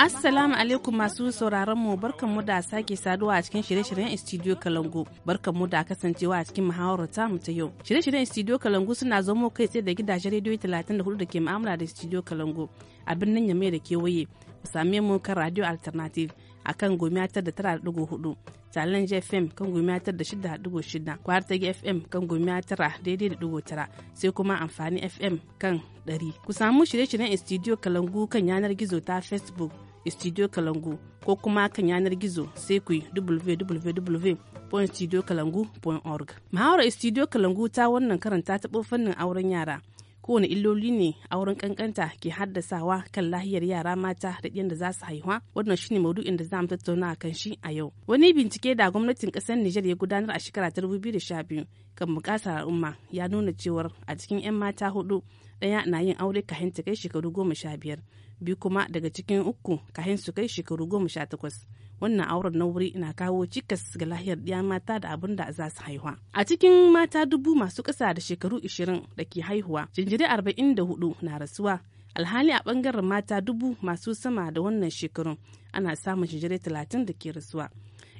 Assalamu alaikum masu sauraron mu mu da sake saduwa a cikin shirye-shiryen Studio Kalangu. mu da kasancewa a cikin muhawarar mu ta yau. Shirye-shiryen Studio Kalangu suna zamo kai tsaye da gidajen rediyo 34 da ke mu'amala da Studio Kalangu a birnin yamai da kewaye. Ku same mu kan Radio Alternative a kan gomi tar da tara da hudu. Challenge FM kan gomi tar da shida dubu shida. Kwartagi FM kan gomiya tara daidai da dubu tara. Sai kuma amfani FM kan ɗari. Ku samu shirye-shiryen Studio Kalangu kan yanar gizo ta Facebook studio kalangu ko kuma kan yanar gizo sai ku yi www.studiokalangu.org muhawarar studio kalangu ta wannan karanta taɓo fannin auren yara kowane illoli ne auren kankanta ke haddasawa kan lahiyar yara mata da yadda za su haihuwa wannan shine maudu'in da za mu tattauna a kan shi a yau wani bincike da gwamnatin kasar Nijar ya gudanar a shekara ta 2012 kan bukasar al'umma ya nuna cewar a cikin 'yan mata hudu ɗaya na yin aure kahin ta kai shekaru goma sha biyar biyu kuma daga cikin uku kahin su kai shekaru goma sha takwas wannan auren na wuri na kawo cikas ga lahiyar ɗiya mata da abin da za su haihuwa a cikin mata dubu masu ƙasa da shekaru ishirin da ke haihuwa jinjiri arba'in da hudu na rasuwa alhali a ɓangaren mata dubu masu sama da wannan shekarun ana samun jinjiri talatin da ke rasuwa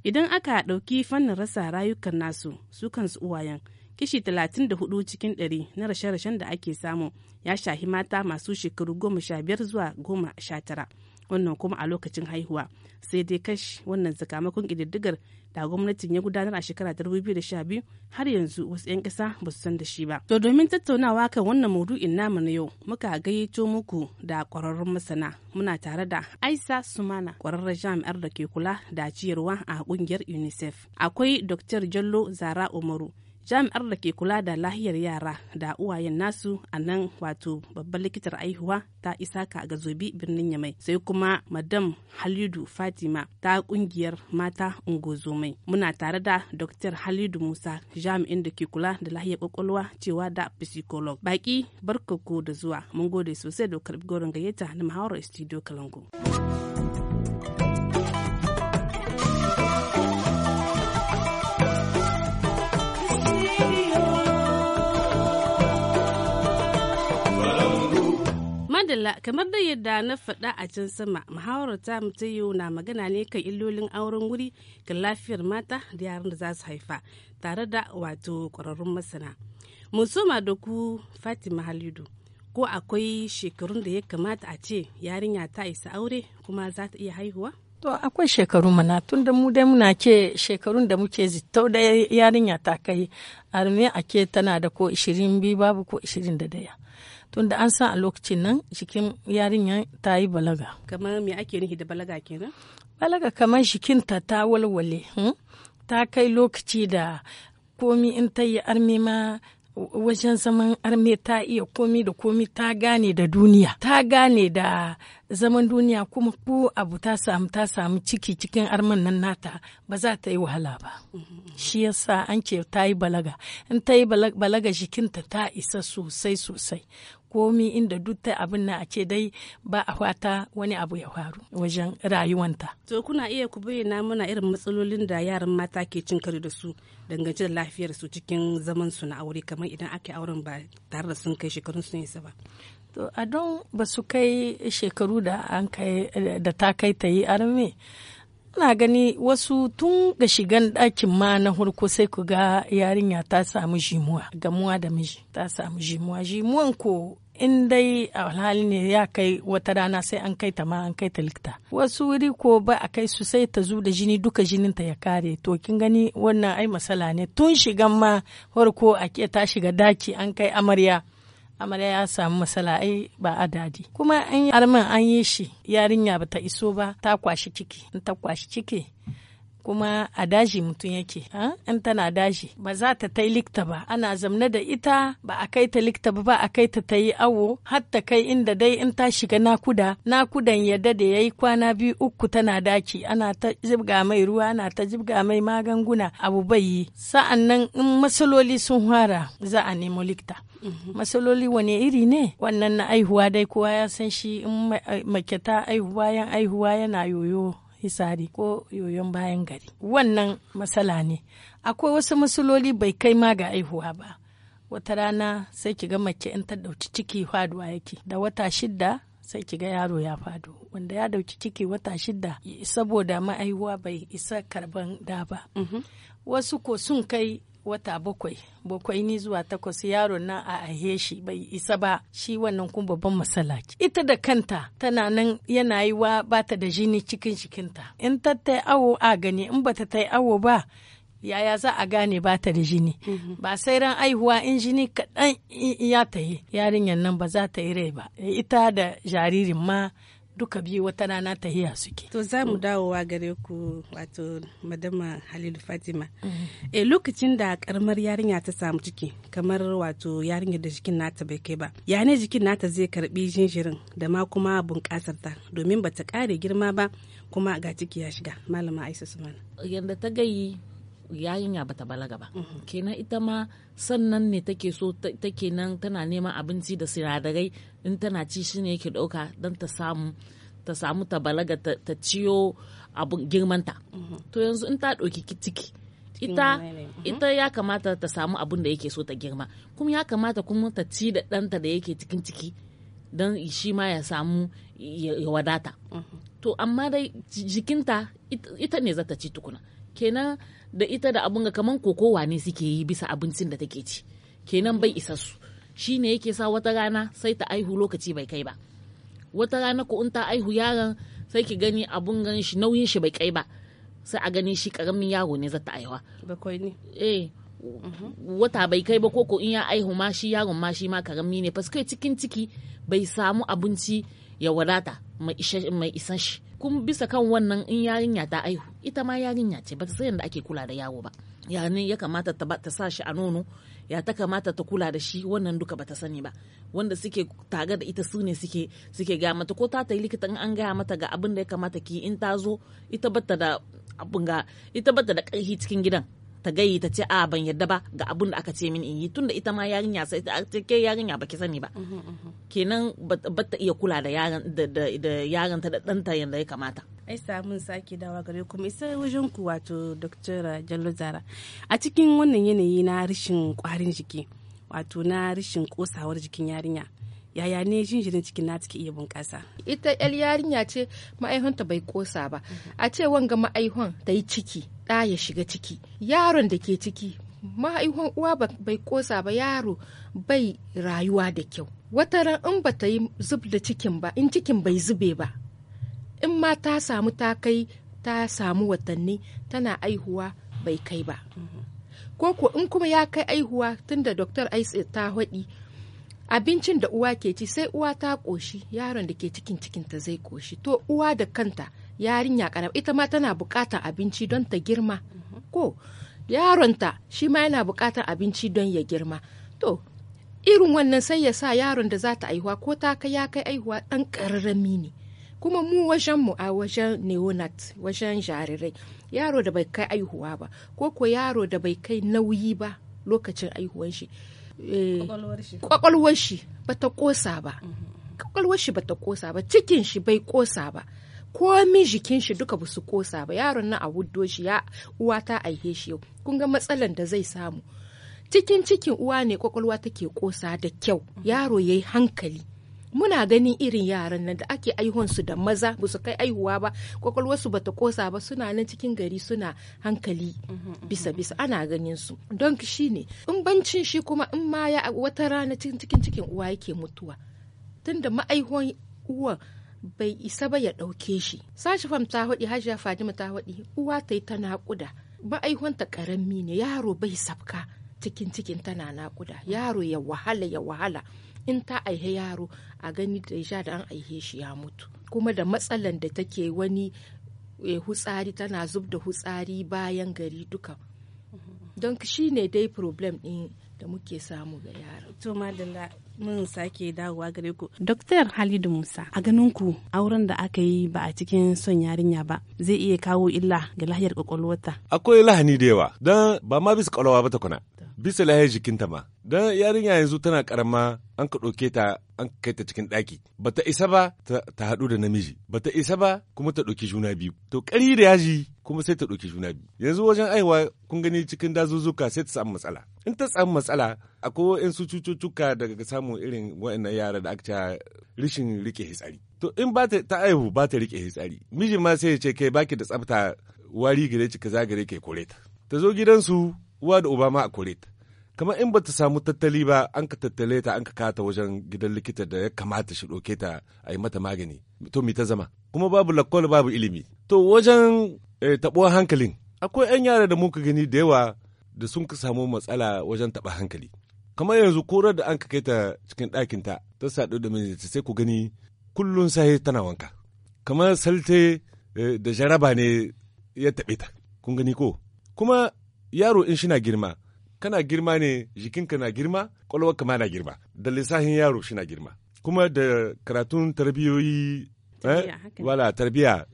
idan aka ɗauki fannin rasa rayukan nasu su kansu uwayen kishi 34 cikin 100 na rashe-rashen da ake samu ya shahi mata masu shekaru 15 zuwa 19 wannan kuma a lokacin haihuwa sai dai kashi wannan sakamakon ƙididdigar da gwamnatin ya gudanar a shekara 2012 har yanzu wasu 'yan ƙasa ba su san da shi ba. To domin tattaunawa kan wannan maudu'in namu na yau muka gayyato muku da kwararrun masana muna tare da Aisa Sumana kwararren jami'ar da ke kula da ciyarwa a kungiyar UNICEF. Akwai Dr. Jallo Zara Umaru jami'ar da ke kula da lahiyar yara da uwayen nasu a nan wato babban likitar aihuwa ta isaka ga zobi birnin yamai sai kuma madam halidu fatima ta kungiyar mata ungozomai muna tare da dr halidu musa jami'in da ke kula da lahiyar kwakwalwa cewa da psycholog baki barkoko da zuwa mun gode sosai da karbi gorin gayyata na muhawarar studio kalangu. Allah kamar da yadda na faɗa a can sama muhawarar ta yau na magana ne kan illolin auren wuri ga lafiyar mata da yaran da za su haifa tare da wato ƙwararrun masana mun ma da ku fatima halidu ko akwai shekarun da ya kamata a ce yarinya ta isa aure kuma za ta iya haihuwa to akwai shekaru mana tun da mu dai muna ke shekarun da muke zito da yarinya ta kai arme ake tana da ko 22 babu ko 21 tunda an san a lokacin nan jikin yarinyar ta yi balaga kamar me ake nufi da balaga kenan balaga kamar jikinta ta walwale hmm? ta kai lokaci da komi in ta yi arme ma wajen zaman arme ta iya komi da komi ta gane da duniya ta gane da zaman duniya kuma ko abu ta samu ta samu ciki cikin arman nan nata ba za ta yi wahala ba shi yasa an ce ta yi balaga in ta yi balaga jikinta ta isa sosai sosai komi inda duk ta abin na a ce dai ba a fata wani abu ya faru wajen rayuwanta. To kuna iya ku bayyana muna irin matsalolin da yaran mata ke cin karo da su dangance da lafiyar su cikin zaman su na aure kamar idan aka auren ba tare da sun kai shekarun su nisa ba. To a don ba su kai shekaru da an kai da ta kai ta yi arme. ina gani wasu tun ga shigan ɗakin ma na harko sai ku ga yarinya ta samu jimuwa gamuwa da miji ta samu jimuwa jimuwan ko in dai a hali ne ya kai wata rana sai an kai ta ma an kai ta likta wasu wuri ko ba a kai su sai ta zu da jini duka jinin ta ya kare to kin gani wannan ai masala ne tun shigan ma harko a ke ta shiga daki an kai amarya amarya ya samu matsala ai ba a daji kuma an yi arman an yi shi yarinya ba ta iso ba ta kwashi ciki in ta kwashi ciki kuma a daji mutum yake in tana daji ba za ta tai likta ba ana zamna da ita ba a kai ta likta ba a kai ta tayi awo har kai inda dai in ta shiga nakuda nakudan yadda da yayi kwana biyu uku tana daki ana ta jibga mai ruwa ana ta jibga mai magunguna abu bai yi sa'an nan in masaloli sun hara za a nemo likta mhm. masaloli wane iri ne wannan na aihuwa dai kowa ya san shi in eh, mace aihuwa yan bayan aihuwa yana yoyo hisari ko yoyon bayan gari wannan matsala ne akwai wasu matsaloli bai kai ma ga aihuwa ba wata rana sai ki ga mace in ta ɗauki ciki faduwa yake da wata shidda sai ki ga yaro ya fado wanda ya dauki ciki wata shida saboda ma'aihuwa bai isa karban da ba mhm. wasu ko sun kai wata bakwai bakwai ni zuwa takwas yaro nan a ahe shi bai isa ba shi wannan kun babban masala ita da kanta tana nan yana yi wa bata da jini cikin cikinta in ta ta awo a gani in bata ta awo ba yaya za a gane bata da jini mhm. ba sai ran aihuwa in jini kaɗan ya ta yi yarinyar nan ba za ta yi rai ba ita da jaririn ma duka biyu wata rana ta tahiya suke to za mu wa gare ku wato madama halilu fatima mhm. eh lokacin da karamar yarinya ta samu ciki kamar wato yarinyar da jikin nata bai kai ba ya ne jikin nata zai karbi jinjirin da ma kuma bunƙasar ta domin bata kare girma ba kuma ga ciki ya shiga malama aisa sumana yanda ta gayi yayin ya bata balaga ba mhm. kenan ita ma sannan ne take so take nan tana neman abinci da sinadarai in tana ci shi ne yake ɗauka don ta samu ta samu ta balaga ta ciyo abin girmanta mhm. to yanzu in ta ɗauki ciki ita mhm. ita ya kamata ta samu abin da yake so ta girma kuma ya kamata kuma ta ci da ɗanta da yake cikin ciki don shi ma ya samu ya wadata to amma dai jikinta ita ne za ta ci tukuna kenan da ita da abun ga kaman kokowa ne suke yi bisa abincin da take ci kenan bai isa su shi ne yake sa wata rana sai ta aihu lokaci bai kai ba wata rana ko in ta aihu yaron sai ki gani abun ganin shi nauyin shi bai kai ba sai a gani shi karamin yaro ne zata aihuwa bakwai ne eh wata bai kai ba koko in ya aihu ma shi yaron ma shi ma karami ne fas cikin ciki bai samu abinci ya wadata mai isan shi kun bisa kan wannan in yarinya ta aihu ita ma yarinya ce ba ta san da ake kula da yawo ba ya ne ya kamata ta ta sa shi a nono ya ta kamata ta kula da shi wannan duka ba ta sani ba wanda suke tare da ita su ne suke suke gaya mata ko ta yi likita an gaya mata ga abin da ya kamata ki in ta zo ita bata da abin ga ita bata da karfi cikin gidan ta gayi ta ce a ah, ban yarda ba ga abun da aka ce min in yi tunda ita ma yarinya sai ta ce ke yarinya baki sani ba mhm, mhm. kenan ba ta iya kula da yaran da yaran ta da danta yanda ya kamata ai samun sake dawa gare ku isa wajen ku wato dr jallo zara a cikin wannan yanayi na rashin kwarin jiki wato na rashin kosawar jikin yarinya yaya ne jinjirin cikin na take iya bunƙasa ita yar yarinya ce ma'aihunta bai kosa ba a ce wanga ma'aihun ta yi ciki ɗa ya shiga ciki yaron da ke ciki ma'aihun uwa bai kosa ba yaro bai rayuwa da kyau wata ran in ba ta yi zub da cikin ba in cikin bai zube ba in ma ta samu ta kai ta samu watanni tana aihuwa bai kai ba ko in kuma ya kai aihuwa tunda doktor aise ta haɗi abincin da uwa ke ci sai uwa ta ƙoshi yaron da ke cikin cikinta zai koshi to uwa da kanta yarinya karama ita ma tana buƙatar abinci don ta girma ko yaronta shi ma yana buƙatar abinci don ya girma to irin wannan sai ya sa yaron da za ta aihuwa ko ta kai ya kai aihuwa ɗan ƙararrami ne kuma mu wajen mu a wajen neonat wajen jarirai yaro da bai kai aihuwa ba ko ko yaro da bai kai nauyi ba lokacin aihuwan shi Eh, kwakwalwar shi ba ta kosa ba kwakwalwar shi ba ta kosa ba cikin shi bai kosa ba komi jikin shi duka basu kosa ba yaron na a wuddo shi ya uwa ta aihe shi yau kun ga matsalan da zai samu cikin cikin uwa ne kwakwalwa take kosa da kyau yaro yayi hankali muna ganin irin yaran nan da ake aihunsu da maza ba su kai aihuwa ba kwakwalwarsu ta kosa ba suna nan cikin gari suna hankali bisa bisa ana ganin su don shi ne in bancin shi kuma in ma ya wata rana cikin cikin uwa yake mutuwa tunda ma'aihuwan uwa bai isa ba ya ɗauke shi sashi fam ta haɗi hajiya fadima ta haɗi uwa ta yi ta naƙuda ta ƙarami ne yaro bai sabka cikin cikin tana naƙuda yaro ya wahala ya wahala in ta aihe yaro a gani da da an aihe shi ya mutu kuma da matsalan da take wani eh, hutsari tana zub da hutsari bayan gari duka mhm. don shi ne dai problem ɗin da muke samu ga yara. To madalla Mun sake dawowa gare ku. Dr. Halidu Musa, a ganin ku auren da aka yi ba a cikin son yarinya ba zai iya kawo illa ga lahiyar kwakwalwarta. Akwai lahani da yawa, don ba ma bisa kwakwalwa ba ta kuna. Bisa lahiyar jikinta ma. Don yarinya yanzu tana karama an ka ɗauke ta an kai ta cikin ɗaki ba ta isa ba ta haɗu da namiji ba ta isa ba kuma ta ɗauki juna biyu to ƙari da yaji kuma sai ta ɗauki juna biyu yanzu wajen aiwa kun gani cikin dazuzzuka sai ta samu matsala in ta samu matsala akwai wa'insu cututtuka daga samun irin wa'annan yara da aka rishin rike hitsari to in ba ta aihu ba ta rike hitsari miji ma sai ya ce kai baki da tsafta wari gare ki ka zagare ke kore ta ta zo gidansu uwa da uba ma a kore ta kamar in ba ta samu tattali ba an ka tattale ta an ka kata wajen gidan likita da ya kamata shi ɗauke ta a yi mata magani to mi ta zama kuma babu lakkol babu ilimi to wajen eh, taɓuwar hankalin akwai 'yan yara da muka gani da yawa da sun ka samu matsala wajen taɓa hankali kamar yanzu korar da an ka kai ta cikin ɗakin ta ta saɗu da mijinta sai ku gani kullum sai tana wanka kamar salte eh, da jaraba ne ya taɓe ta kun gani ko kuma yaro in shina girma kana girma ne jikinka na girma ƙwaƙwalwarka ma na girma da lissafin yaro shina girma kuma da karatun tarbiyoyi eh, wala tarbiya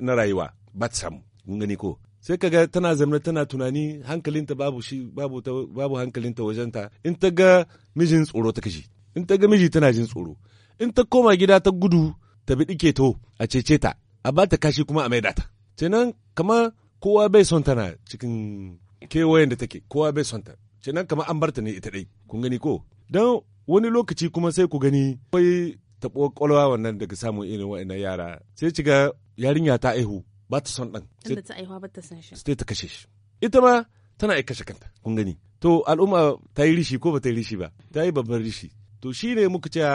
na rayuwa ba ta samu kun gani ko sai kaga tana zama tana tunani hankalinta babu shi babu ta babu hankalinta wajenta in ta ga mijin tsoro ta kashi in ta ga miji tana jin tsoro in ta koma gida ta gudu ta bi dike to a cece ta a ba ta kashi kuma a maida ta kenan kama kowa bai son tana cikin kewayen da take kowa bai son ta kenan kama an barta ne ita dai kun gani ko don wani lokaci kuma sai ku gani akwai taɓo ƙwalwa wannan daga samun irin wa'annan yara sai ciga yarinya ta aihu ba ta son ɗan. Tunda ta aihuwa ba ta san shi. Sai ta kashe shi. Ita ma tana aika kashe kanta kun gani. To al'umma ta yi rishi ko ba ta yi rishi ba ta yi babban rishi. To shi ne muka cewa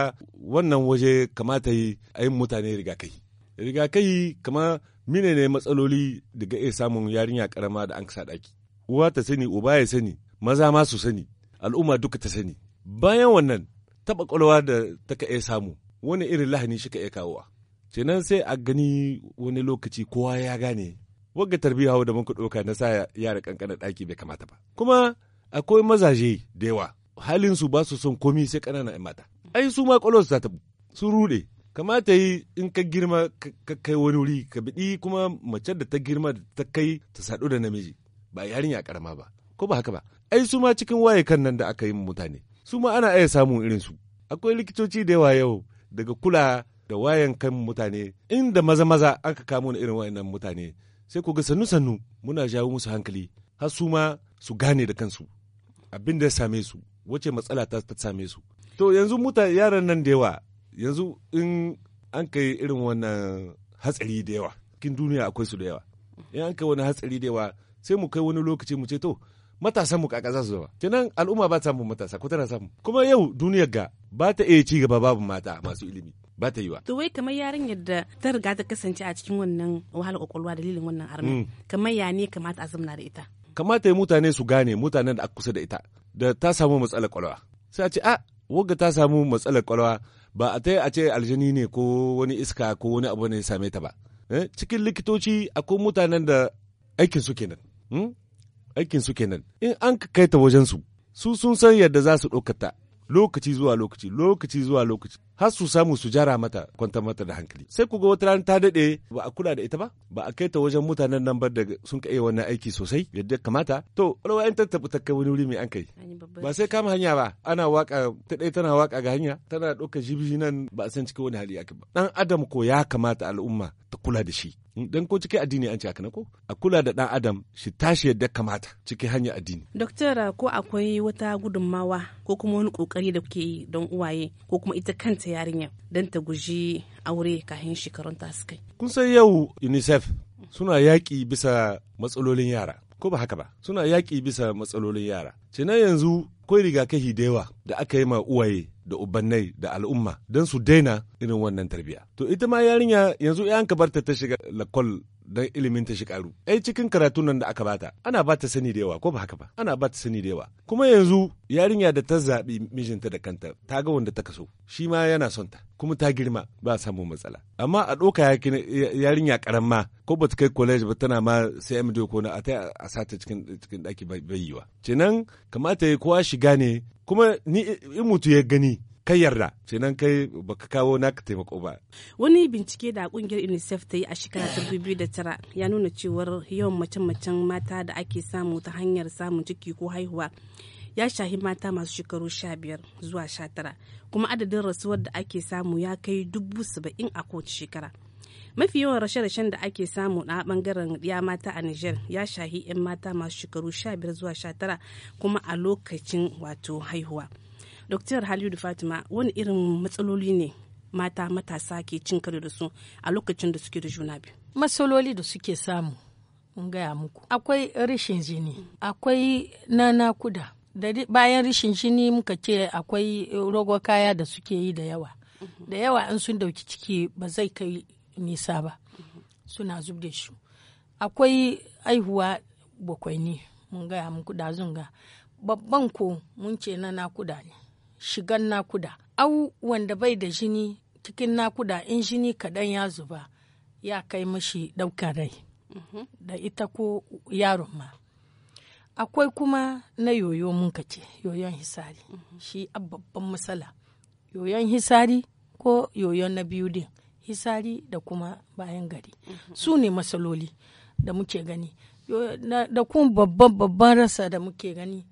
wannan waje kamata yi a yin mutane rigakai. Rigakai kama mine ne matsaloli daga iya samun yarinya karama da an kasa ɗaki. Uwa ta sani, uba ya sani, maza ma su sani, al'umma duka ta sani. Bayan wannan taɓa ƙwalwa da ta ka iya samu, wani irin lahani shi ka iya kawowa. kenan sai a gani wani lokaci kowa ya gane wagga tarbiyya da muka ɗauka na sa yara kankana ɗaki bai kamata ba kuma akwai mazaje da yawa halin su ba su son komi sai ƙanana ƴan mata ai su ma ƙwalos za ta su rude kamata yi in ka girma ka kai wani wuri ka biɗi kuma mace da ta girma da ta kai ta saɗu da namiji ba yarinya ƙarama ba ko ba haka ba ai su ma cikin waye kan nan da aka yi mutane su ma ana iya samun irin su akwai likitoci da yawa yau daga kula da wayan kan mutane inda maza maza aka ka kamo irin wayannan mutane sai ku ga sannu sannu muna jawo musu hankali har su ma su gane da kansu abin da ya same su wace matsala ta same su to yanzu mutane yaran nan da yawa yanzu in an kai irin wannan hatsari da yawa kin duniya akwai su da yawa in an kai wani hatsari da yawa sai mu kai wani lokaci mu ce to matasan mu kaka za su zama kenan al'umma ba ta samun matasa ko tana samu kuma yau duniyar ga ba ta iya ci gaba babu mata masu ilimi ba ta yi wa to wai kamar yarinyar yadda ta riga ta kasance a cikin wannan wahala kwakwalwa dalilin wannan armi mm. kamar ya ne kamata a zamana da ita kamata ya mutane su gane mutanen da aka kusa da ita da ta samu matsalar kwalwa sai a ce a ah, wagga ta samu matsalar kwalwa ba a ta a ce aljani ne ko wani iska ko wani abu ne same ta ba eh, cikin likitoci akwai mutanen da aikin su kenan hmm? aikin su kenan in an ka kai ta wajen su su sun san yadda za su ɗaukata lokaci zuwa lokaci lokaci zuwa lokaci har su samu su jara mata kwantar mata da hankali sai ku ga wata rana ta daɗe ba a kula da ita ba ba a kai ta wajen mutanen nan ba da sun ka iya wannan aiki sosai yadda kamata to rawa yan tattaɓa ta kai wani wuri mai an kai ba sai kama hanya ba ana waka ta ɗaya tana waka ga hanya tana ɗauka jibi nan ba a san cikin wani hali ake ba ɗan adam ko ya kamata al'umma ta kula da shi dan ko cikin addini an ce haka ko a kula da dan adam shi tashi yadda kamata cikin hanyar addini doktora ko akwai wata gudunmawa ko kuma wani kokari da kuke yi don uwaye ko kuma ita kanta ta yarinya don ta guji aure kahin shekarun ta su Kun san yau UNICEF suna yaƙi bisa matsalolin yara. Ko ba haka ba, suna yaƙi bisa matsalolin yara. cina yanzu akwai rigakafi da yawa da aka yi ma uwaye da ubannai da al'umma don su daina irin wannan tarbiyya To ita ma yarinya yanzu ka barta ta shiga lakol don ilimin ta shi karu ai cikin karatu nan da aka bata ana bata sani da yawa ko ba haka ba ana bata sani da yawa kuma yanzu yarinya da ta zaɓi mijinta da kanta ta ga wanda ta kaso shi ma yana son ta kuma ta girma ba samu matsala amma a ɗauka yarinya karamma ko ba ta kai college ba tana ma sai MD ko na a ta a sata cikin cikin ɗaki bai wa. kenan kamata ya kowa shiga ne kuma ni in mutu ya gani kai yarda kenan kai baka kawo naka taimako ba wani bincike da kungiyar unicef ta yi a shekara ta tara ya nuna cewar yawan mace-macen mata da ake samu ta hanyar samun ciki ko haihuwa ya shahi mata masu shekaru sha biyar zuwa sha tara kuma adadin rasuwar da ake samu ya kai dubu saba'in a kowace shekara mafi yawan rashe-rashen da ake samu a bangaren ya mata a niger ya shahi 'yan mata masu shekaru sha zuwa sha tara kuma a lokacin wato haihuwa Doktor Halidu Fatima wani irin matsaloli ne mata matasa ke cin karo da su a lokacin da suke da juna biyu. Matsaloli da suke samu mun gaya muku. Akwai rashin jini, akwai na nakuda. bayan rashin jini muka ce akwai rogo kaya da suke yi da yawa. Da yawa an sun dauki ciki ba zai kai nisa ba. Suna zub da shi. Akwai aihuwa bakwai ne mun gaya muku da zunga. Babban ko mun ce na nakuda ne. shigan nakuda au wanda bai da jini cikin nakuda in jini kaɗan ya zuba ya kai mashi ɗauka rai mhm. da ita ko yaron ma akwai kuma na yoyo mun ce yoyon hisari mhm. shi a babban matsala yoyon hisari ko yoyon na biyu din hisari da kuma bayan gari mhm. su ne matsaloli da muke gani da kuma babban babban rasa da muke gani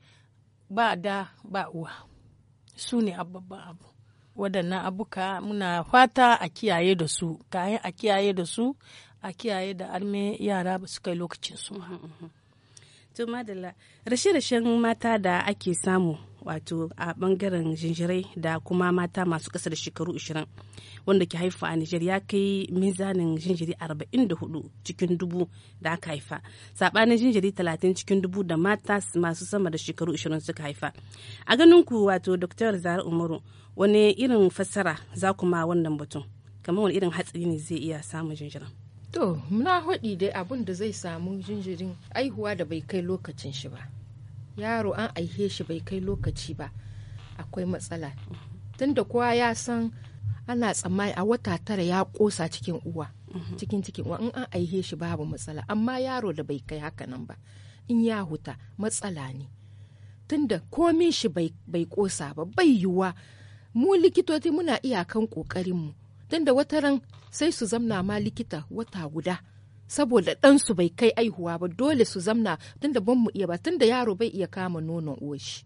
ba da ba uwa su ne babban abu waɗannan abuka muna fata a kiyaye da su kayan a kiyaye da su a kiyaye da arme yara ba su kai lokacin su to madalla rashe-rashen mata da ake samu wato a bangaren jinjirai da kuma mata masu ƙasa da shekaru 20 wanda ke haifa a Nijar ya kai mizanin jinjiri 44 cikin dubu da aka haifa sabanin jinjiri 30 cikin dubu da mata masu sama da shekaru 20 suka haifa a ganin ku wato Dr. Zahar Umaru wani irin fassara za ku ma wannan batun kamar wani irin hatsari ne zai iya samun jinjirin to muna hudi dai abun da zai samu jinjirin aihuwa da bai kai lokacin shi ba yaro an aihe shi bai kai lokaci ba akwai matsala mm-hmm. tunda kowa ya san ana tsammani a wata tara ya kosa cikin uwa cikin cikin uwa in an aihe shi babu matsala amma yaro da bai kai haka nan ba in ya huta matsala ne tunda komin shi bai kosa ba bai yiwuwa mu likitoci muna iyakan kokarinmu tunda wata ran sai su zamna ma likita wata guda saboda ɗansu bai kai aihuwa ba dole su zamna tunda ban mu iya ba tunda yaro bai iya kama nonon shi.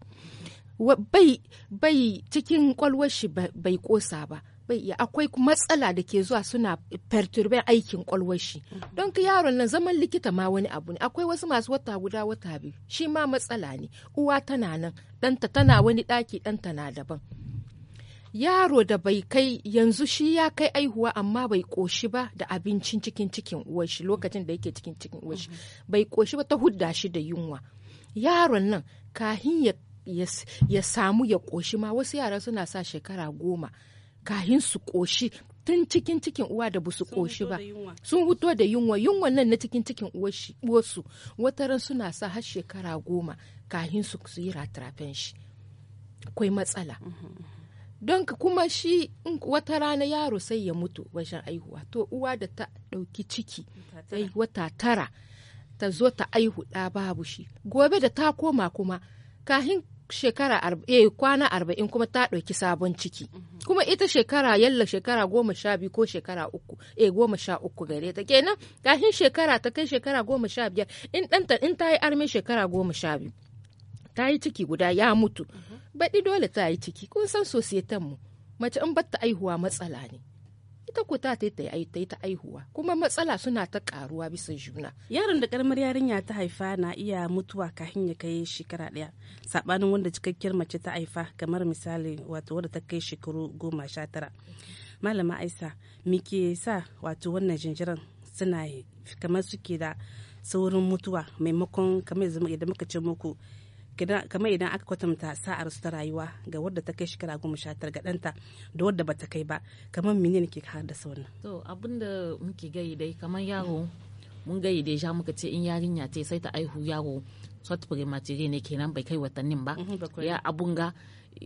bai cikin kwalwar shi bai kosa ba bai iya akwai matsala da ke zuwa suna perturbe aikin kwalwashi mhm. don ka yaron nan zaman likita ma wani abu ne akwai wasu masu wata guda wata biyu shi ma matsala ne uwa tana nan ɗanta tana wani ɗaki ɗanta na daban yaro da bai kai yanzu shi ya kai aihuwa amma bai koshi ba da abincin cikin cikin uwashi, lokacin da yake cikin cikin uwashi. Mhm. bai koshi ba ta hudda shi da yunwa yaron nan kahin ya samu ya koshi ma wasu yara suna sa shekara goma kahin su ƙoshi tun cikin cikin uwa da busu koshi ba sun hutu da yunwa yunwa nan na cikin cikin uwarsu wataran suna sa har shekara goma kahin su su yi ratrafen shi akwai matsala don kuma shi wata rana yaro sai ya mutu wajen aihuwa to uwa da ta ɗauki ciki wata tara eh, ta zo ta aihu ɗa babu shi gobe da ta koma kuma kahin shekara eh kwana arba'in kuma ta ɗauki sabon ciki kuma ita shekara yalla shekara goma sha biyu ko shekara uku eh goma sha uku gare ta kenan kafin shekara ta kai shekara goma sha biyar in ɗanta in ta yi armin shekara goma sha biyu ta yi ciki guda ya mutu baɗi dole ta yi ciki kun san sosietan mu mace in batta aihuwa matsala ne ita ko ta ta yi ta aihuwa kuma matsala suna ta karuwa bisa juna yaron da karamar yarinya ta haifa na iya mutuwa kafin ya kai shekara daya sabanin wanda cikakkiyar mace ta haifa kamar misali wato wadda ta kai shekaru goma sha tara malama aisa me ke sa wato wannan jinjiran suna kamar suke da saurin mutuwa maimakon kamar idan muka ce muku kamar idan aka kwatanta sa'ar su ta rayuwa ga wadda ta kai shekara goma sha tara ga ɗanta da wadda bata kai ba kamar ne ke da wannan to abinda muke gayi dai kamar yaro mun gayi dai ja muka ce in yarinya ce sai ta aihu yaro sort primatire ne kenan bai kai watannin ba mhm, ya abunga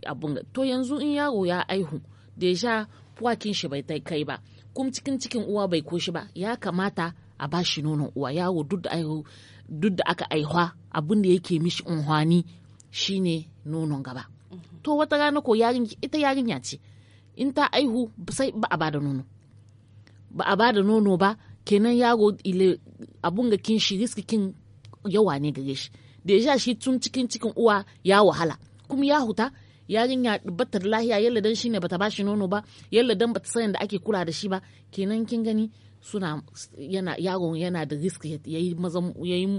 abunga to yanzu in yaro ya aihu deja puwakin shi bai kai ba kuma cikin cikin uwa bai koshi ba ya kamata a bashi nonon uwa yaro duk da aihu duk da aka aihwa abin da yake mishi unhwani shine nonon gaba mhm. to wata rana ko ita yarinya ce in ta aihu sai ba a bada nono ba a bada nono ba kenan yaro ile abun ga kin shi riskikin yawa ne gare shi da ya shi tun cikin cikin uwa ya wahala kuma ya huta yarinya batar lahiya yalla dan shine bata bashi nono ba yalla dan bata san da ake kula da shi ba kenan kin gani suna yana yaron yana da risk ya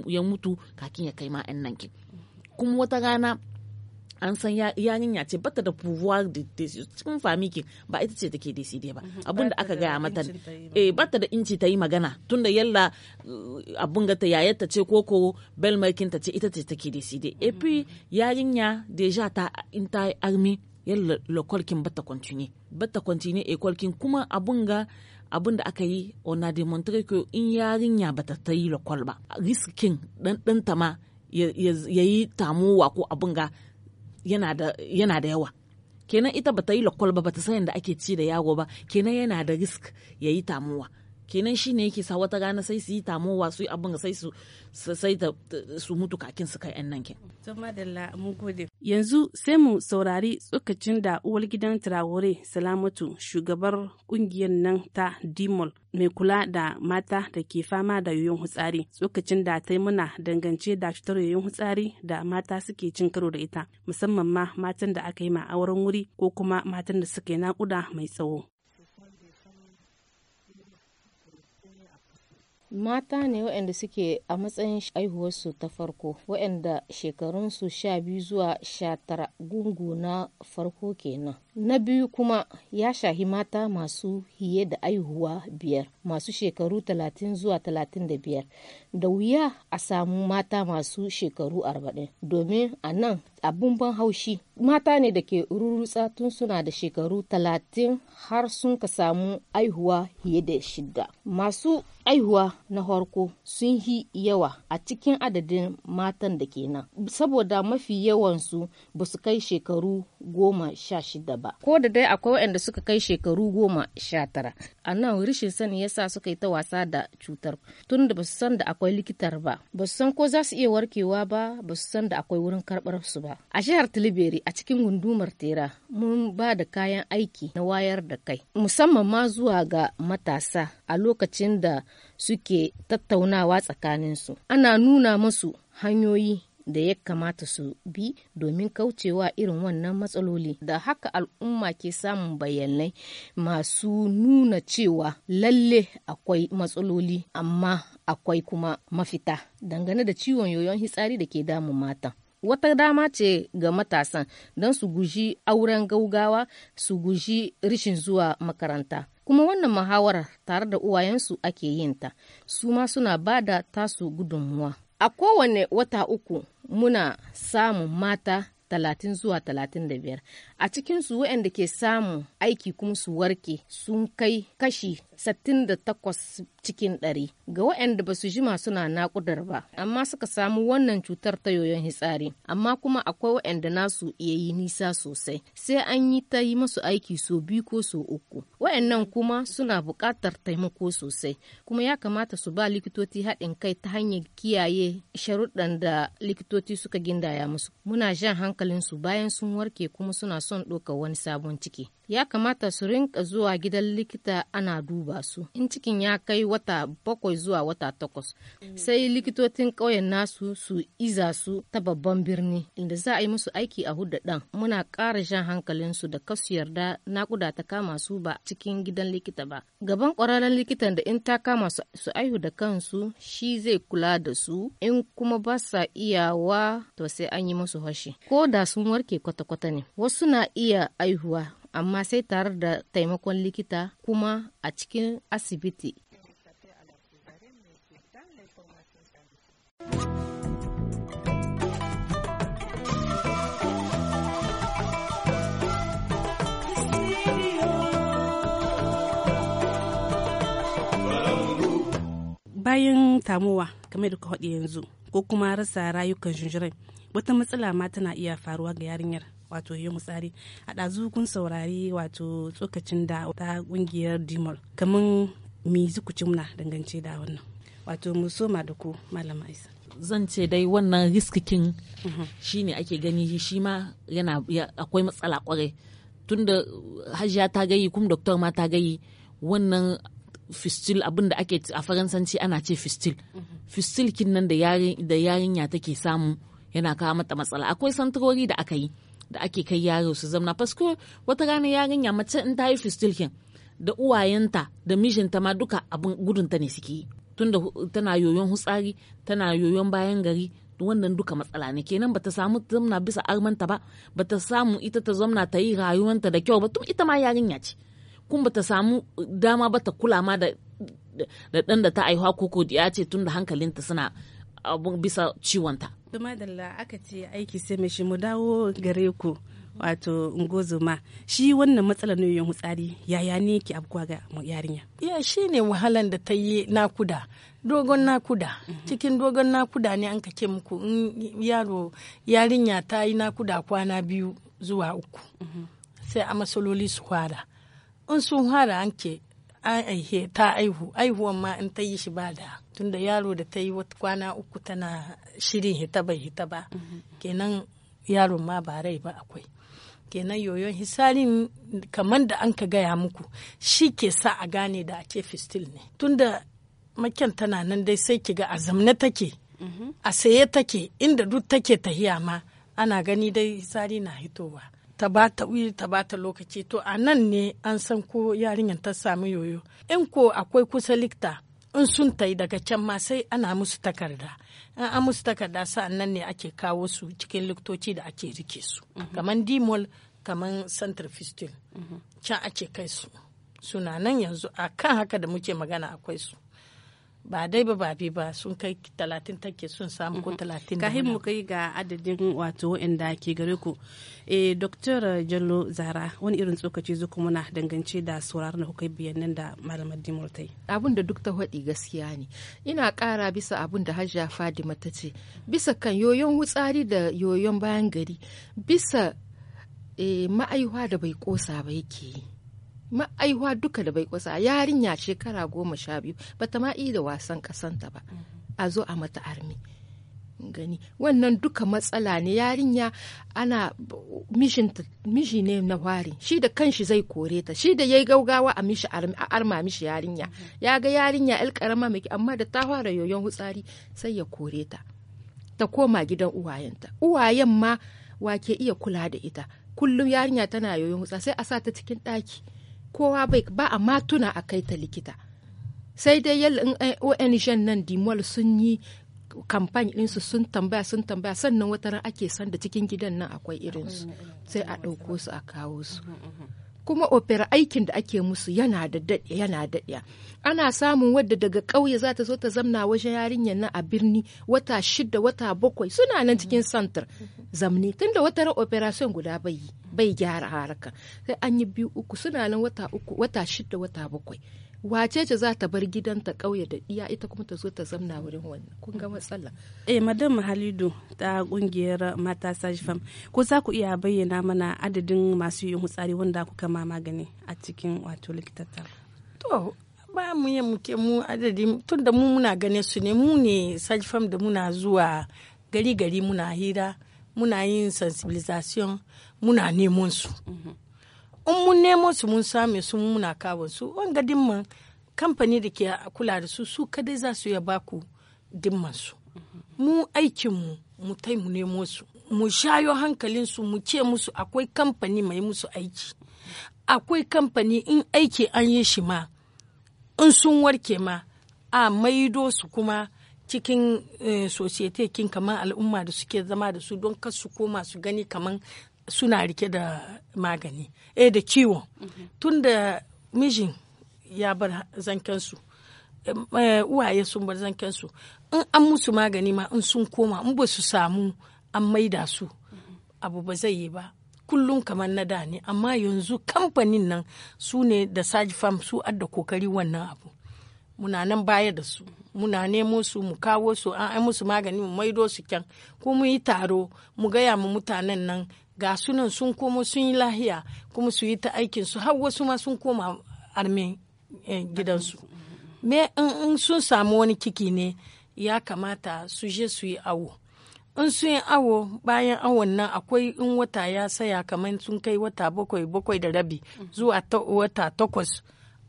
ya mutu kakin ya kai ma yan nan kuma wata rana an san ya ce bata da pouvoir de cikin famiki ba ita ce take decide ba mhm. abun da aka gaya mata eh bata da inci ta yi magana tunda yalla eh, abun ga ta ta ce koko belmarkin ta ce ita ce take decide eh puis yarinya deja ta in ta army yalla lokolkin bata continue bata continue e kolkin kuma abun ga abin da aka yi ona demontre ko in yarinya ba ta yi lakwal ba riskin ta ma ya yi tamuwa ko abin ga yana da yawa kenan ita ba ta yi lakwal ba ba ta san yadda ake ci da yago ba kenan yana da risk ya yi tamuwa kenan shi ne yake sa wata rana sai su yi tamowa su yi abin sai su sai da su mutu kakin su kai 'yan nan kin. Yanzu sai mu saurari tsokacin da uwar gidan Traore Salamatu shugabar kungiyar nan ta Dimol mai kula da mata da ke fama da yoyon hutsari tsokacin da ta yi muna dangance da cutar yoyon hutsari da mata suke cin karo da ita musamman ma matan da aka yi ma auren wuri ko kuma matan da suke nakuda mai tsawo. mata ne waɗanda suke a matsayin aihuwarsu ta farko waɗanda shekarunsu sha biyu zuwa sha tara gungu na farko kenan na biyu kuma ya shahi mata masu hiye da aihuwa biyar masu shekaru talatin zuwa talatin da biyar da wuya a samu mata masu shekaru arba'in domin a nan abin ban haushi mata ne da ke rurutsa tun suna da shekaru talatin har sun ka samu aihuwa hiye da shida. masu aihuwa na farko sun yi yawa a cikin adadin matan da ke nan saboda mafi yawansu ba su kai shekaru goma sha shida ba ko da dai akwai waɗanda suka kai shekaru goma sha tara a nan rishin sani sa suka yi ta wasa da cutar tun da ba su san da akwai likitar ba ba su san ko za su iya warkewa ba ba su san da akwai wurin karɓar su ba a jihar tilibiri a cikin gundumar tera mun ba da kayan aiki na wayar da kai musamman ma zuwa ga matasa a lokacin da suke tattaunawa tsakaninsu ana nuna masu hanyoyi da ya kamata su bi domin kaucewa irin wannan matsaloli da haka al'umma ke samun bayanai masu nuna cewa lalle akwai matsaloli amma akwai kuma mafita dangane da ciwon yoyon hitsari da ke damun mata wata dama ce ga matasan don su guji auren gaugawa su guji rishin zuwa makaranta kuma wannan muhawarar tare da uwayensu ake yin ta su ma suna ba da tasu gudunmuwa a kowane wata uku muna samun mata talatin zuwa talatin da biyar a cikinsu su waɗanda ke samun aiki kuma su warke sun kai kashi 68 cikin ɗari ga waɗanda ba su jima suna nakudar ba amma suka samu wannan cutar ta yoyon hitsari amma kuma akwai waɗanda nasu iya yi nisa sosai sai an yi ta yi masu aiki so biyu ko so uku waɗannan kuma suna buƙatar taimako sosai kuma ya kamata su ba likitoci haɗin kai ta hanyar kiyaye sharuɗan da likitoci suka gindaya musu muna jan hankalin su bayan sun warke kuma suna son ɗauka wani sabon ciki ya kamata su rinka zuwa gidan likita ana duba su in cikin ya kai wata bakwai zuwa wata takwas sai likitocin ƙauyen nasu su iza su ta babban birni inda za a yi musu aiki a hudu ɗan muna ƙara shan hankalin su da kasu yarda nakuda ta kama su ba cikin gidan likita ba gaban ƙwararren likitan da in ta kama su su aihu da kansu shi zai kula da su in kuma ba sa iyawa to sai an yi musu hashi ko da sun warke kwata-kwata ne wasu na iya aihuwa amma sai tare da taimakon likita kuma a cikin asibiti bayan tamowa kamar da kwaɗe yanzu ko kuma rasa rayukan jinjirai wata matsala ma tana iya faruwa ga yarinyar wato yi tsari a ɗazu kun saurari wato tsokacin da ta ƙungiyar dimol kamar mi zukuci muna dangance da wannan wato mu soma da ku malama isa zan ce dai wannan riskikin mhm. ne ake gani shi ma yana akwai matsala kwarai tunda hajiya ta gayi kuma doktor ma ta gayi wannan fistil abin ake a faransanci ana ce fistil mhm. fistil kin nan da yarinya take samu yana kawo mata matsala akwai santurori da aka yi da ake kai yaro su zamna fasko wata rana yarinya mace in ta yi fistilkin da uwayenta da mijinta ma duka abin gudunta ne suke yi tunda tana yoyon hutsari tana yoyon bayan gari wannan duka matsala ne kenan bata samu zamna bisa armanta ba bata samu ita ta zamna ta yi rayuwanta da kyau ba tun ita ma yarinya ce kun bata samu dama ba ta kula ma da da ɗan da ta aihuwa koko ya ce tun da hankalinta suna bisa ciwonta Tuma da aka ce aiki sai mai shi mu dawo gare ku wato ungozoma shi wannan matsalar nauyin hutsari yaya ne ke abuwa ga yarinya. Ya shi ne wahalan da ta yi nakuda dogon nakuda mhm. cikin dogon nakuda ne an ce muku in yaro yarinya ta yi nakuda kwana biyu zuwa uku mhm. sai a masaloli su fara in sun fara an ke an aihe ta aihu aihuwan ma in ta yi shi ba da tunda yaro da ta yi wata kwana uku tana shirin hita bai hita ba kenan yaro ma ba rai ba akwai kenan yoyon hisalin kamar da an ka gaya muku shi ke sa a gane da ake fistil ne tunda makyan tana nan dai sai ki ga a zamne take mhm. a saye take inda duk take tahiya ma ana gani dai hisari na hitowa ta ba ta wuri ta ba ta lokaci to a nan ne an san ko yarinyar ta samu yoyo in ko akwai kusa likta in sun tai daga can ma sai ana musu takarda in an musu takarda sa'an nan ne ake kawo su cikin liktoci da ake rike su mhm. kamar dimol kamar centrifistil mhm. can ake kai su suna nan yanzu a kan haka da muke magana akwai su ba dai ba babi ba sun kai talatin take sun samu ko mhm. talatin da kahin ka kai ga adadin wato inda ke gare ku eh dr jallo zara wani irin tsokaci zuku muna dangance da sauraron da kuka biyan nan da malamar dimurtai abin da duk ta gaskiya ne ina ƙara bisa abin da hajja fadima ta ce bisa kan yoyon wutsari da yoyon bayan gari bisa e ma'aihuwa da bai kosa ba yake yi ma'aihwa duka da bai kusa yarinya shekara goma sha biyu bata ma da wasan kasanta ba a zo a mata armi gani wannan duka matsala ne yarinya ana mishi ne na wari shi da kanshi zai kore ta shi da yayi gaugawa a mishi a arma mishi yarinya ya ga yarinya yar karama miki amma da ta fara yoyon hutsari sai ya kore ta ta koma gidan uwayenta uwayen ma wake iya kula da ita kullum yarinya tana yoyon hutsa sai a sa ta cikin ɗaki kowa bai ba a ma tuna a kai ta likita sai dai yalla in eh, nan dimol sun yi kamfani ɗinsu sun tambaya sun tambaya sannan wata ran ake san da cikin gidan nan akwai irinsu sai a ɗauko su a kawo su kuma opera aikin da ake musu yana da daɗe yana daɗe ana samun wadda daga ƙauye za ta zo ta zamna wajen yarinyar nan a birni wata shida wata bakwai suna nan cikin santar zamne tunda wata operation guda bai yi bai gyara haraka sai an yi biyu uku suna nan wata uku wata shida wata bakwai wace ce za ta bar gidanta ƙauye da iya ita kuma ta zo ta zamna wurin wannan kun ga matsala eh madam halidu ta kungiyar mata sajifam ko za ku iya bayyana mana adadin masu yin hutsari wanda kuka ma magani a cikin wato likitata to ba mu yi muke mu adadi tun da mu muna ganin su ne mu ne sajifam da muna zuwa gari gari muna hira muna yin sensibilisation muna neman su in mun nemo su mun same su muna kawo su wanga dimman kamfani da ke kula da su su kadai za su ya baku dimman su mu aikinmu mu tai mu nemo su mu shayo hankalin su mu ce musu akwai kamfani mai musu aiki akwai kamfani in aiki an yi shi ma in sun warke ma a maido su kuma cikin eh, societe kin kamar al'umma da suke zama da su don kasu su koma su gani kamar suna rike da magani eh da ciwo mhm. tun da mijin ya bar zankensu eh, uwaye sun bar zankensu in an musu magani ma in sun koma in ba su samu an maida su mhm. abu ba zai yi ba kullum kamar na da ne amma yanzu kamfanin nan su ne da farm su adda kokari wannan abu muna nan baya da su muna nemo su mu kawo su an ai musu magani mu maido su kyan ko mu yi taro mu gaya mu mutanen nan ga sunan sun komo sun yi lahiya kuma su yi ta aikin su har wasu ma sun koma arme eh, gidansu me in sun samu wani kiki ne ya kamata su je su yi awo in sun yi awo bayan awon nan akwai in wata ya saya kamar sun kai wata bakwai bakwai da rabi zuwa wata takwas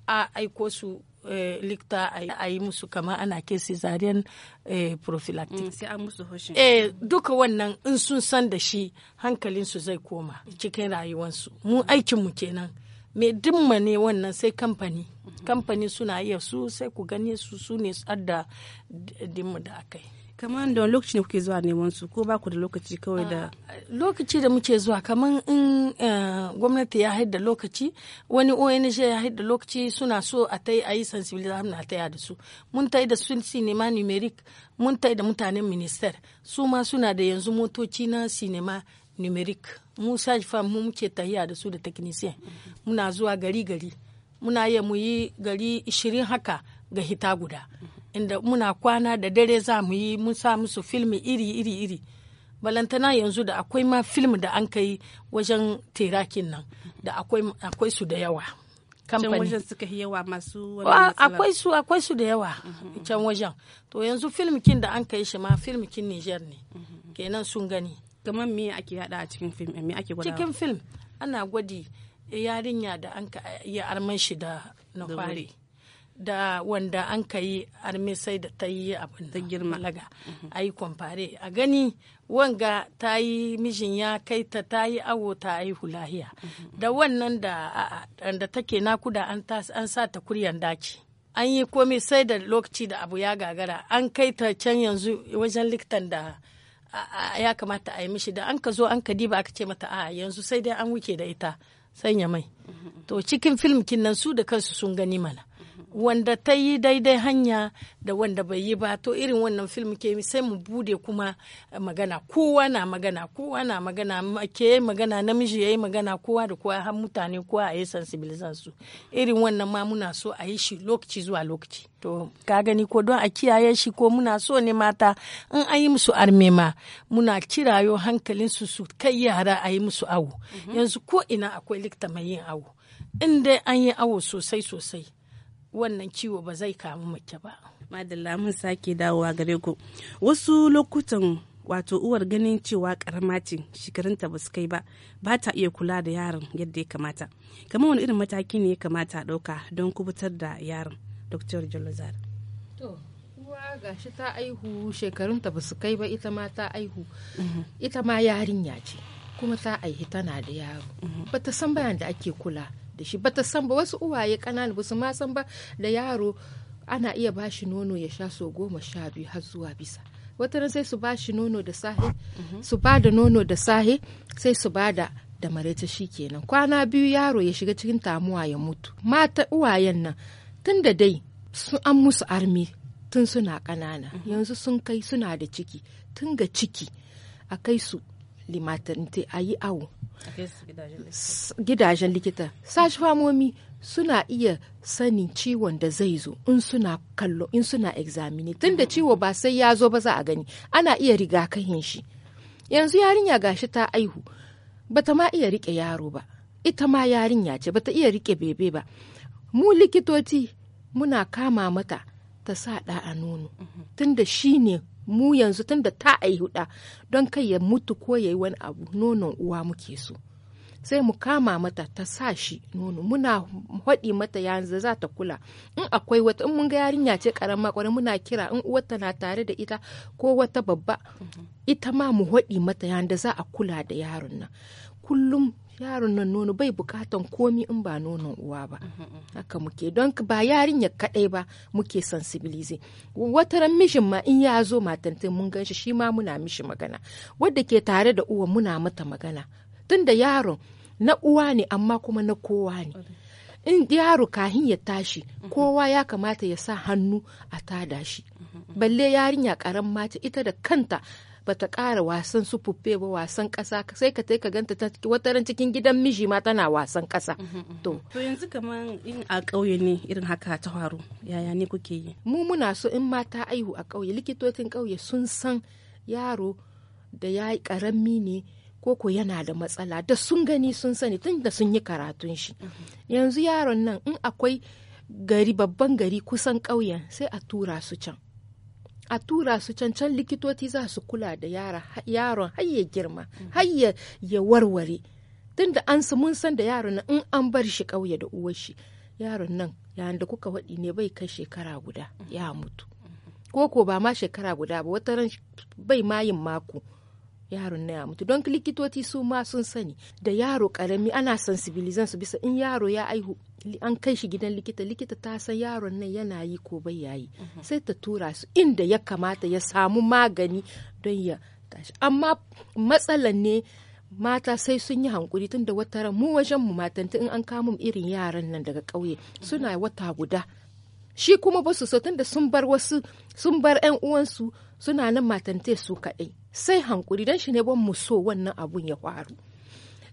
a aiko su Eh, likta a yi musu kama ana ke cesarean eh, prophylactic mm, sai an musu eh duka wannan in sun san da shi hankalinsu zai koma cikin rayuwarsu mu aikinmu kenan me dimma ne wannan sai kamfani mhm. kamfani suna iya su sai ku gane su su ne tsada dimma da aka yi kamar da lokaci ne kuke zuwa neman su ko ba ku da lokaci kawai da ah, lokaci da muke zuwa kamar in eh, gwamnati ya haida lokaci wani ONG ya haida lokaci suna so a ta yi a yi sensibilizar na taya da su mun ta yi da sun cinema numeric mun ta yi da mutanen minister su ma suna da yanzu motoci na cinema numeric mu sajfa mu muke tahiya da su da technician muna zuwa gari gari muna yi mu yi gari 20 haka ga hita guda inda muna kwana da dare za mu yi mun sa musu filmi iri iri iri balantana yanzu da akwai ma film da an kai wajen terakin nan da akwai su da yawa wajen yawa masu akwai su akwai su da yawa mhm. can wajen to yanzu filmikin da an kai shi ma filmikin kin Niger ne mhm. kenan sun gani kamar me ake hada a cikin film me ake gwada cikin film ana gwadi yarinya da an ka yi arman shi da na da wanda an ka yi armi sai da ta yi abin da girma laga mhm. a yi kwamfare a gani wanga ta yi mijin ya kai ta ta yi awo ta aihu lahiya mhm. da wannan da take nakuda an sa ta kuryan daki an yi komai sai da lokaci da abu ya gagara an kai ta can yanzu wajen likitan da ya kamata a yi mishi da an ka zo an ka diba aka ce mata a yanzu sai dai an wuce da ita sanya mai mhm. to cikin fim kinnan su da kansu sun gani mana wanda ta yi daidai hanya da wanda bai yi ba to irin wannan film ke sai mu bude kuma eh, magana kowa na magana kowa na magana ke magana namiji ya yi magana kowa da kowa har mutane kowa a yi sensibilizan su irin wannan ma muna so a yi shi lokaci zuwa lokaci to ka gani ko don a kiyaye shi ko muna so ne mata in an yi musu arme ma muna kirayo hankalin su su kai yara a yi musu awo mhm. yanzu ko ina akwai likita mai yin awo in dai an yi awo sosai sosai wannan ciwo ba zai kamu mace ba madalla mun sake dawowa gare ku wasu lokutan wato uwar ganin cewa karama ce shekarunta ba su kai ba ba ta iya kula da yaron yadda ya kamata kamar wani irin mataki ne ya kamata a ɗauka don kubutar da yaron dr jalazar to uwa gashi ta aihu shekarunta ba su kai ba ita ma ta aihu mhm. ita ma yarinya ce kuma ta aihi tana da yaro mhm. ba ta san bayan da ake kula da shi bata san ba wasu uwaye kanana ba su ma san ba da yaro ana iya ba shi nono ya sha so goma sha biyu har zuwa bisa wata sai su ba shi nono da sahi mhm. su ba da nono da sahi sai su ba da da maraice shi kenan kwana biyu yaro ya shiga cikin tamuwa ya mutu mata uwayen nan tun da dai sun an musu armi tun suna ƙanana mhm. yanzu sun kai suna da ciki tun ga ciki a kai su limatante a yi awo gidajen likita sashi famomi suna iya sanin ciwon da zai zo in suna kallo in suna examine tunda mm-hmm. ciwo ba sai ya zo ba za a gani ana iya rigakafin shi yanzu yarinya gashi ta aihu bata ma iya rike yaro ba ita ma yarinya ce bata iya rike bebe ba mu likitoci muna kama mata ta sa da a nono mm-hmm. tunda shi ne mu yanzu tunda ta huda don kai ya mutu ko ya yi wani abu nonon uwa muke so sai mu kama mata ta sa shi nono muna haɗi mata yanzu za ta kula in akwai wata in mun ga yarinya ce karama kwarai muna kira in uwarta na tare da ita ko wata babba mhm. ita ma mu haɗi mata yanzu za a kula da yaron nan kullum yaron nan nono bai bukatan komi in ba nonon uwa ba mhm, mhm. haka muke don ba yarinya kadai ba muke sensibilize wata ran mishin ma in ya zo matanta mun gan shi shi ma muna mishi magana wadda ke tare da uwa muna mata magana tunda yaron na uwa ne amma kuma na kowa ne in yaro kahin ya tashi mhm. kowa ya kamata ya sa hannu a tada shi balle yarinya karan mata ita da kanta bata ƙara wasan su fuffe ba wasan ƙasa sai ka ka ganta ta wataran cikin gidan miji ma tana wasan ƙasa mm-hmm, mm-hmm. to yanzu kaman in a ƙauye ne irin haka ta faru yaya ne kuke yi mu muna so in mata aihu a ƙauye likitocin ƙauye sun san yaro da ya yi ƙarami ne koko yana da matsala da sun gani sun sani tun da sun yi karatun shi mm-hmm. yanzu yaron nan in akwai gari babban gari kusan ƙauyen sai a tura su can a tura su cancan likitoci za su kula da yaron har girma har ya warware tunda an su mun san da yaron in an bar shi ƙauye da uwar shi yaron nan yayin da kuka waɗi ne bai kai shekara guda ya mutu ko ko ba ma shekara guda ba wata ran bai ma yin mako yaron na ya mutu don likitoci su ma sun sani da yaro karami ana sensibilizan bisa in yaro ya aihu an kai shi gidan likita likita ta san yaron nan yana yi ko bai yayi mhm. sai ta tura su inda ya kamata ya samu magani don ya tashi amma matsalan ne mata sai sun yi hankuri tun da wata ran mu wajen mu matan in an kamun irin yaran nan daga ƙauye mhm. suna wata guda shi kuma ba su so tun da sun bar wasu sun bar 'yan uwansu suna nan te su kaɗai sai hankuri don shi ne ban mu so wannan abun ya faru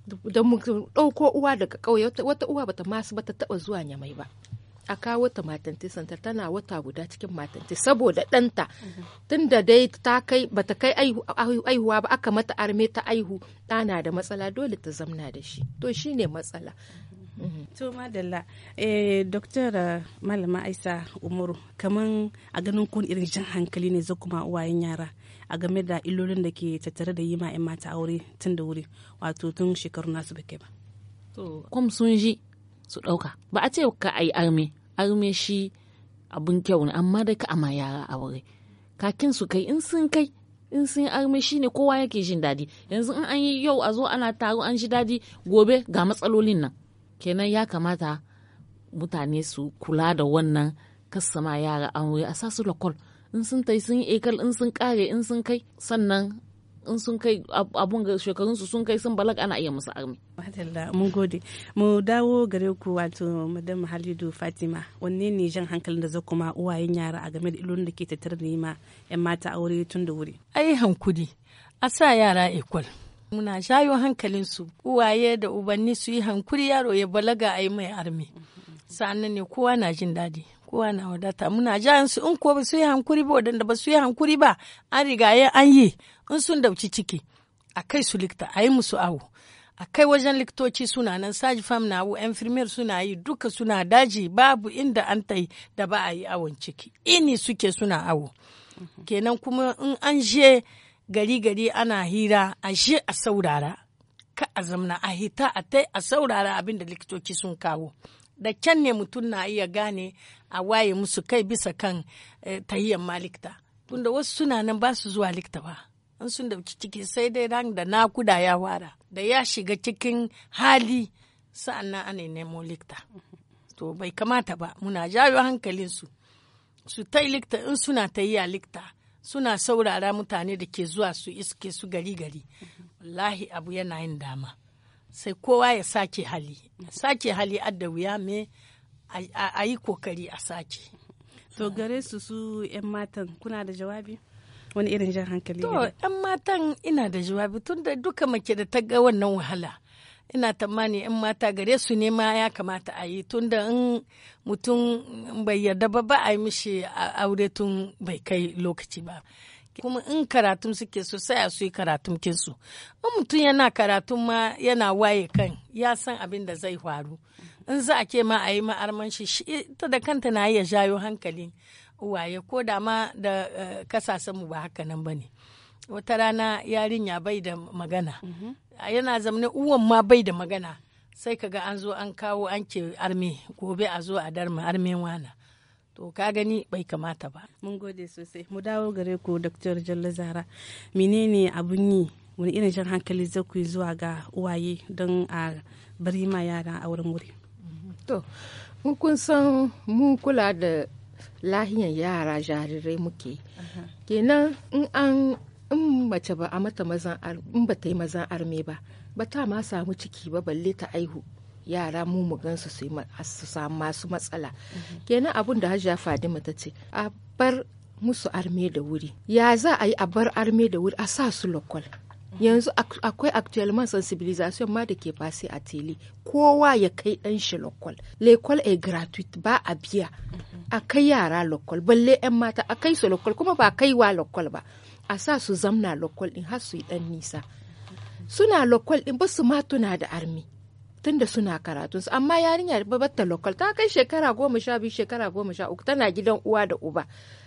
da mu ɗauko uwa daga ƙauye wata uwa bata masu bata taɓa zuwa nyamai ba a kawo ta matanti santa tana wata guda cikin matanti saboda ɗanta tunda dai ta kai bata kai aihuwa ba aka mata arme ta aihu ɗana da matsala dole ta zamna da shi to shine matsala mhm. to madalla eh, doktor eh, malama aisa umaru kaman a ganin kun irin jan hankali ne za kuma uwayen yara a game da illolin da ke tattare da yi ma 'yan mata aure tun da wuri wato tun shekaru nasu bake ba. Kwam sun ji su ɗauka ba a ce ka ayi yi arme arme shi abin kyau ne amma da ka ama yara aure kakin su kai in sun kai in sun yi arme shi ne kowa yake jin daɗi yanzu in an yi yau a zo ana taro an ji dadi gobe ga matsalolin nan kenan ya kamata mutane su kula da wannan kasama yara aure a sasu lakol in sun tai sun yi ekal in sun kare in sun kai sannan in sun kai abun ga shekarun su sun kai sun balaga ana iya musu armi. Madalla mun gode. Mu dawo gare ku wato madam Halidu Fatima wanne ne jan hankalin da za kuma uwayen yara a game da ilolin da ke tattare da yi ma yan mata aure tun da wuri. Ai hankuri a sa yara ekwal. Muna shayo su uwaye da ubanni su yi hankuri yaro ya balaga a yi mai armi. Sa'an ne kowa na jin daɗi. kowa na wadata muna jan su in ko ba su yi hankuri ba wadanda ba su yi hankuri ba an riga an yi in sun dauci ciki a kai su likta a yi musu awo a kai wajen likitoci suna nan saji fam na awo infirmiyar suna yi duka suna daji babu inda an ta yi da ba a yi awon ciki ini suke suna awo mhm. kenan kuma in an je gari gari ana hira a je a saurara ka a zamna a hita a tai a saurara abin da likitoci sun kawo da can ne mutum na iya gane a waye musu kai bisa kan eh, tahiyyar ma likita tunda wasu suna nan ba su zuwa likta ba an sun dauki ciki sai dai ran da nakuda ya wara da ya shiga cikin hali sa'annan ana nemo likita to bai kamata ba muna jawo hankalin su su ta likta in suna ta yi likita suna saurara mutane da ke zuwa su iske su gari gari wallahi abu yana yin dama sai kowa ya sake hali sake hali adda wuya me a yi kokari a sake to gare su su 'yan matan kuna da jawabi wani irin jan hankali to 'yan matan ina da jawabi tun da duka mace da ta ga wannan wahala ina tamani 'yan mata gare su ne ma ya kamata a yi tun da mutum bai yarda ba ba a yi mishi aure tun bai kai lokaci ba kuma in karatun suke so sai a su yi karatun kinsu in mutum yana karatun ma yana waye kan ya san abin da zai faru in za a ke ma a yi ma'armanci shi ita da kanta na iya jayo hankalin uwaye ko da ma da eh, kasasen mu ba haka nan bane wata rana yarinya bai da magana mhm. yana zamanin uwan ma bai da magana sai ka ga an zo an kawo an ke arme gobe a zo a darma armen wana to ka gani bai kamata ba. Mun gode sosai. Mu dawo gare ku Dr. Jallo Zara. Menene abun yi? Wani irin jan hankali zaku zuwa ga uwaye don a bari ma yara a wurin wuri? to in kun san mu kula da lahiyan yara jarirai muke kenan in an in mace ba a mata mazan in ba ta yi mazan arme ba ba ta ma samu ciki ba balle ta aihu yara mu mu gansu su samu masu matsala mhm. kenan abun da hajja fadima ta ce a bar musu arme da wuri ya za a yi a bar arme da wuri a sa su lokal yanzu akwai actuellement sensibilisation ma da ke fasi a tele kowa ya kai dan shi lokal local a gratuit ba a biya mm-hmm. a kai yara local balle yan mata a kai su local kuma ba wa lokal ba a sa su zamna local din har su yi dan nisa mm-hmm. suna local din ba su ma tuna da armi tunda suna karatun su amma yarinya babbar ta ta kai shekara goma sha biyu shekara goma sha uku tana gidan uwa da uba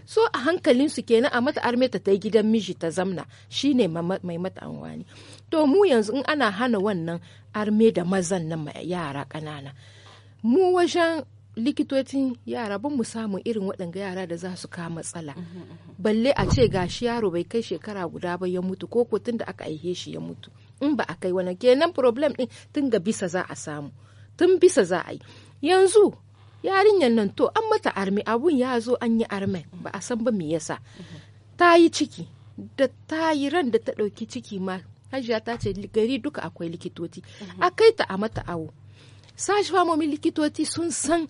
so a hankalin su kenan a mata arme ta ta gidan miji ta zamna shine mai mata anwani to mu yanzu in ana hana wannan arme da mazan na yara kanana mu wajen likitocin yara ban mu samu irin waɗanga yara da za su ka matsala balle a ce gashi yaro bai kai shekara guda ba ya mutu ko ko tun da aka aihe shi ya mutu in ba a kai wani kenan problem din tun ga bisa za a samu tun bisa za a yi yanzu yarinyar nan to an mata armi abun ya zo an yi armi ba a san ba me yasa ta yi ciki da ta yi ran da ta ɗauki ciki ma hajiya ta ce gari duka akwai likitoci a kai ta a mata awo sashi famomin likitoci sun san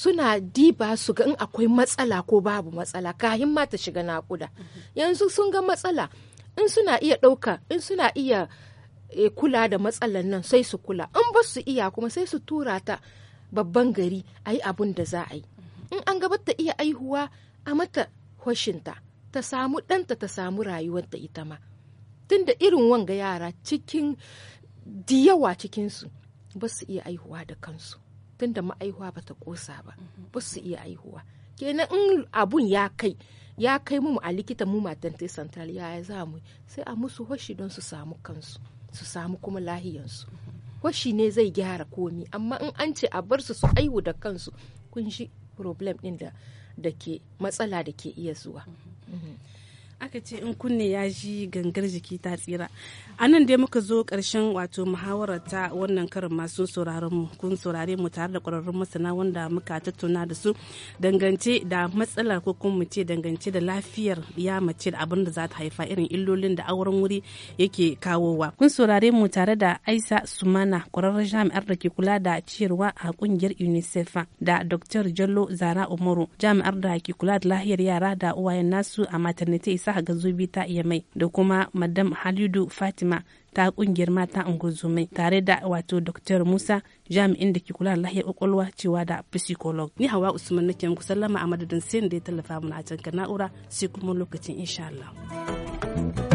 suna diba su ga in akwai matsala ko babu matsala kahin ma ta shiga nakuda yanzu sun ga matsala in suna iya ɗauka in suna iya e, kula da matsalan nan sai su kula in ba su iya kuma sai su tura ta babban gari a yi abin da za a yi in an gabata ta iya aihuwa a mata hoshinta ta samu ɗanta ta samu rayuwarta ita ma tunda irin wanga yara cikin diyawa cikinsu ba su iya aihuwa da kansu tunda ma'aihuwa ba ta ƙosa ba ba su iya aihuwa kenan in abun ya kai ya kai mu a likita mu matan central ya za mu sai a musu hoshi don su samu kansu su samu kuma lahiyansu washi ne zai gyara komi amma in an ce a bar su su aiwu da kansu kun shi problem din da ke matsala da ke iya zuwa mhm. Mhm. Mhm. aka ce in kunne ya ji gangar jiki ta tsira a nan dai muka zo karshen wato muhawarar ta wannan karin masu sauraron mu kun saurare mu tare da kwararrun masana wanda muka tattauna da su dangance da matsala ko kuma mu ce dangance da lafiyar ya mace da abin da za ta haifa irin illolin da auren wuri yake kawowa kun saurare mu tare da aisa sumana kwararren jami'ar da ke kula da ciyarwa a kungiyar unicef da dr jallo zara umaru jami'ar da ke kula da lahiyar yara da uwayen nasu a maternity fasaha ga zubi ta iya mai da kuma madam halidu fatima ta kungiyar mata unguzumai tare da wato dr musa jami'in da ke kula da lahiyar kwakwalwa cewa da psycholog ni hawa usman nake muku sallama a madadin sin da ya tallafa mana a can na'ura sai kuma lokacin insha Allah.